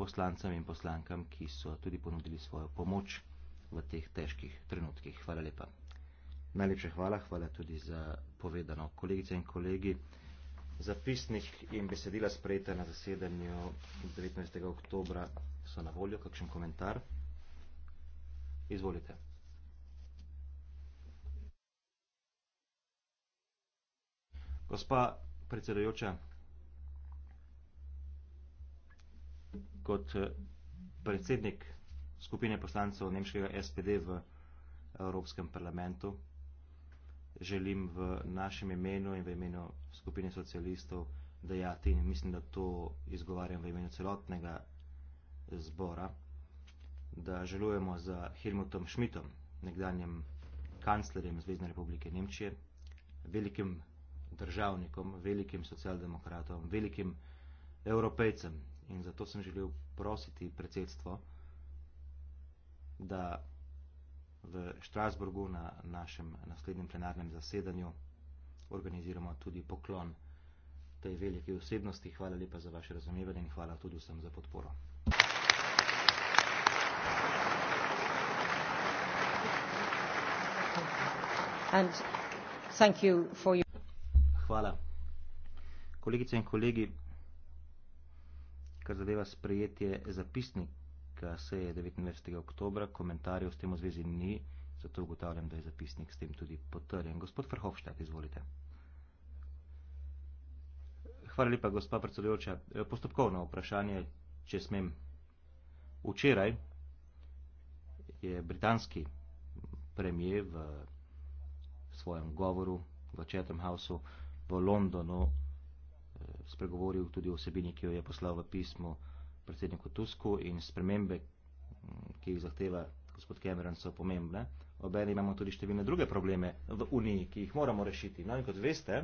poslancem in poslankam, ki so tudi ponudili svojo pomoč v teh težkih trenutkih. Hvala lepa. Najlepše hvala, hvala tudi za povedano. Kolegice in kolegi, zapisnik in besedila sprejeta na zasedanju 19. oktobra so na voljo. Kakšen komentar? Izvolite. Gospa predsedojoča, kot eh, predsednik skupine poslancev nemškega SPD v Evropskem parlamentu želim v našem imenu in v imenu skupine socialistov dejati in mislim, da to izgovarjam v imenu celotnega zbora, da želujemo za Helmutom Schmidtom, nekdanjem kanclerjem Zvezdne republike Nemčije, velikim državnikom, velikim socialdemokratom, velikim evropejcem, in zato sem želel prositi predsedstvo, da v Štrasburgu na našem naslednjem plenarnem zasedanju organiziramo tudi poklon tej veliki osebnosti. Hvala lepa za vaše razumevanje in hvala tudi vsem za podporo. And thank you for your... Hvala. Kolegice in kolegi, kar zadeva sprejetje zapisnika seje 19. oktobra, komentarjev s tem v zvezi ni, zato ugotavljam, da je zapisnik s tem tudi potrjen. Gospod Frhovštek, izvolite. Hvala lepa, gospa predsedujoča. E, postopkovno vprašanje, če smem. Včeraj je britanski premijer v svojem govoru v Chatham Houseu v Londonu spregovoril tudi o vsebini, ki jo je poslal v pismo predsedniku Tusku in spremembe, mm, ki jih zahteva gospod Cameron, so pomembne. Obenem imamo tudi številne druge probleme v Uniji, ki jih moramo rešiti. No in kot veste,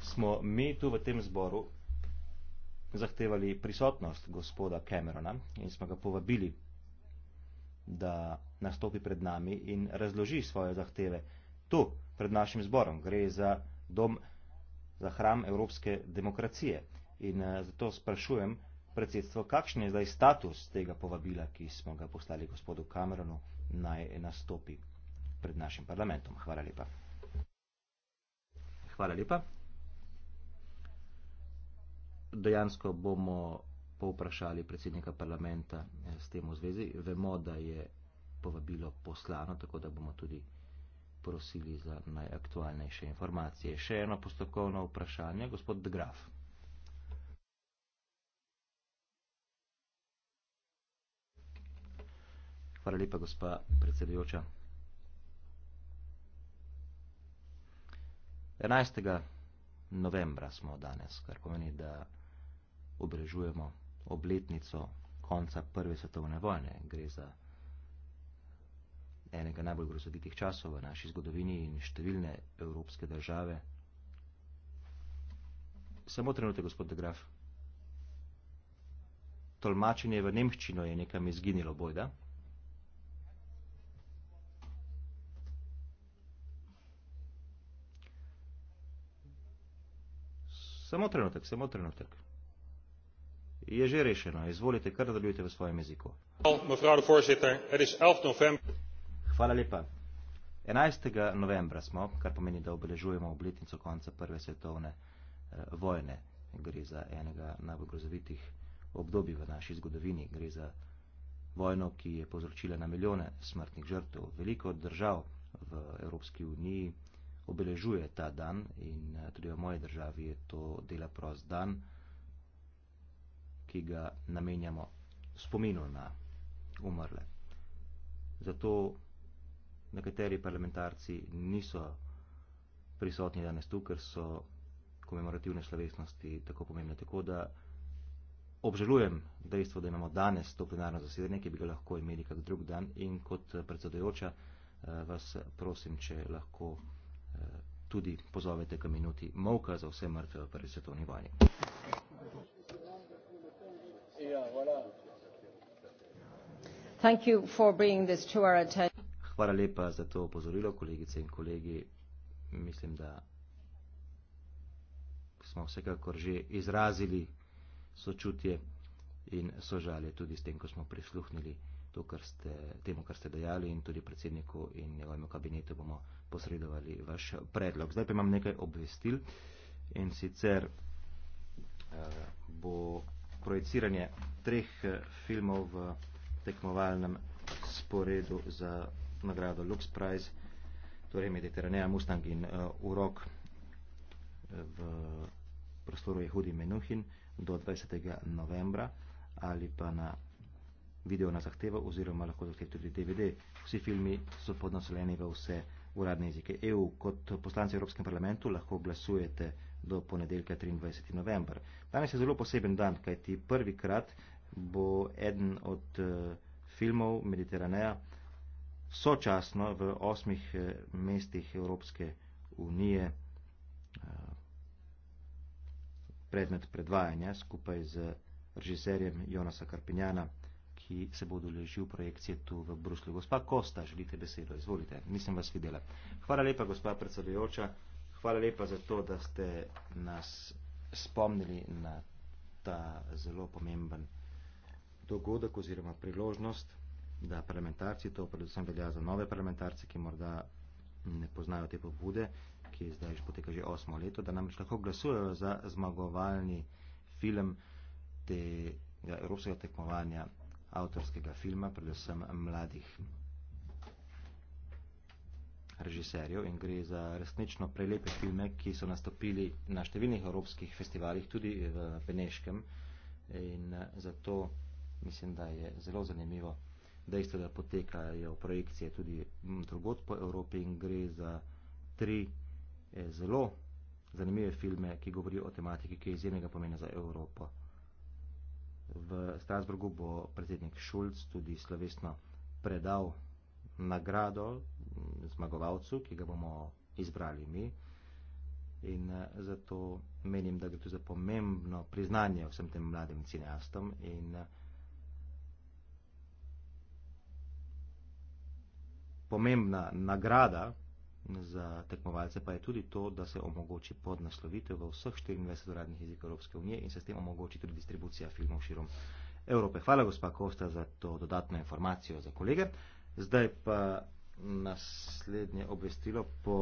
smo mi tu v tem zboru zahtevali prisotnost gospoda Camerona in smo ga povabili, da nastopi pred nami in razloži svoje zahteve tu, pred našim zborom. Gre za dom za hram evropske demokracije. In eh, zato sprašujem predsedstvo, kakšen je zdaj status tega povabila, ki smo ga poslali gospodu Cameronu, naj nastopi pred našim parlamentom. Hvala lepa. Hvala lepa. Dejansko bomo povprašali predsednika parlamenta eh, s tem v zvezi. Vemo, da je povabilo poslano, tako da bomo tudi prosili za najaktualnejše informacije. Še eno postopkovno vprašanje, gospod Graf. Hvala lepa, gospa predsedujoča. 11. novembra smo danes, kar pomeni, da obrežujemo obletnico konca prve svetovne vojne. Gre za enega najbolj grozovitih časov v naši zgodovini in številne evropske države. Samo trenutek, gospod de Graf. Tolmačenje v Nemščino je nekam izginilo bojda. Samo trenutek, samo trenutek. Je že rešeno. Izvolite, kar da v svojem jeziku. Mevrouw de voorzitter, het er is 11 november. Hvala lepa. 11. novembra smo, kar pomeni, da obeležujemo obletnico konca Prve svetovne eh, vojne. Gre za enega najbolj grozovitih obdobij v naši zgodovini. Gre za vojno, ki je povzročila na milijone smrtnih žrtev. Veliko držav v Evropski uniji obeležuje ta dan in eh, tudi v moje državi je to dela prost dan, ki ga namenjamo spominu na umrle. Zato nekateri parlamentarci niso prisotni danes tu, ker so komemorativne slovesnosti tako pomembne. Tako da obžalujem dejstvo, da imamo danes to plenarno zasedanje, ki bi ga lahko imeli kak drug dan in kot eh, predsedojoča eh, vas prosim, če lahko eh, tudi pozovete k minuti molka za vse mrtve v prvi svetovni vojni. Thank you for bringing this to our attention. Hvala lepa za to opozorilo, kolegice in kolegi. Mislim, da smo vsekakor že izrazili sočutje in sožalje tudi s tem, ko smo prisluhnili to, kar ste, temu, kar ste dejali in tudi predsedniku in njegovemu kabinetu bomo posredovali vaš predlog. Zdaj pa imam nekaj obvestil in sicer eh, bo projiciranje treh eh, filmov v tekmovalnem sporedu za nagrado Lux Prize, torej Mediteraneja, Mustang in uh, Urok eh, v prostoru Jehudi Menuhin do 20. novembra ali pa na video na zahtevo oziroma lahko zahtev tudi DVD. Vsi filmi so podnosleni v vse uradne jezike EU. Kot poslanci Evropskem parlamentu lahko glasujete do ponedeljka 23. november. Danes je zelo poseben dan, kajti prvi krat bo eden od uh, filmov Mediteraneja uh, sočasno v osmih eh, mestih Evropske unije eh, predmet predvajanja skupaj z režiserjem Jonasa Karpinjana, ki se bo doležil projekcije tu v Bruslju. Gospa Kosta, želite besedo, izvolite, nisem vas videla. Hvala lepa, gospa predsedujoča, hvala lepa za to, da ste nas spomnili na ta zelo pomemben dogodek oziroma priložnost da parlamentarci, to predvsem velja za nove parlamentarce, ki morda ne poznajo te pobude, ki zdaj že poteka že osmo leto, da namreč lahko glasujejo za zmagovalni film tega evropskega tekmovanja avtorskega filma, predvsem mladih režiserjev in gre za resnično prelepe filme, ki so nastopili na številnih evropskih festivalih, tudi v Beneškem in eh, zato mislim, da je zelo zanimivo dejstvo, da potekajo projekcije tudi mm, drugot po Evropi in gre za tri eh, zelo zanimive filme, ki govorijo o tematiki, ki je izjemnega pomena za Evropo. V Strasburgu bo predsednik Šulc tudi slovesno predal nagrado mm, zmagovalcu, ki ga bomo izbrali mi. In eh, zato menim, da gre tu za pomembno priznanje vsem tem mladim cineastom in uh, pomembna nagrada za tekmovalce pa je tudi to, da se omogoči podnaslovitev v vseh 24 uradnih jezikov Evropske unije in se s tem omogoči tudi distribucija filmov širom Evrope. Hvala gospa Kosta za to dodatno informacijo za kolege. Zdaj pa naslednje obvestilo po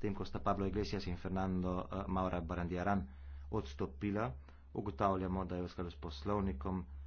tem, ko sta Pablo Iglesias in Fernando eh, Maura Barandiaran odstopila, ugotavljamo, da je v skladu s poslovnikom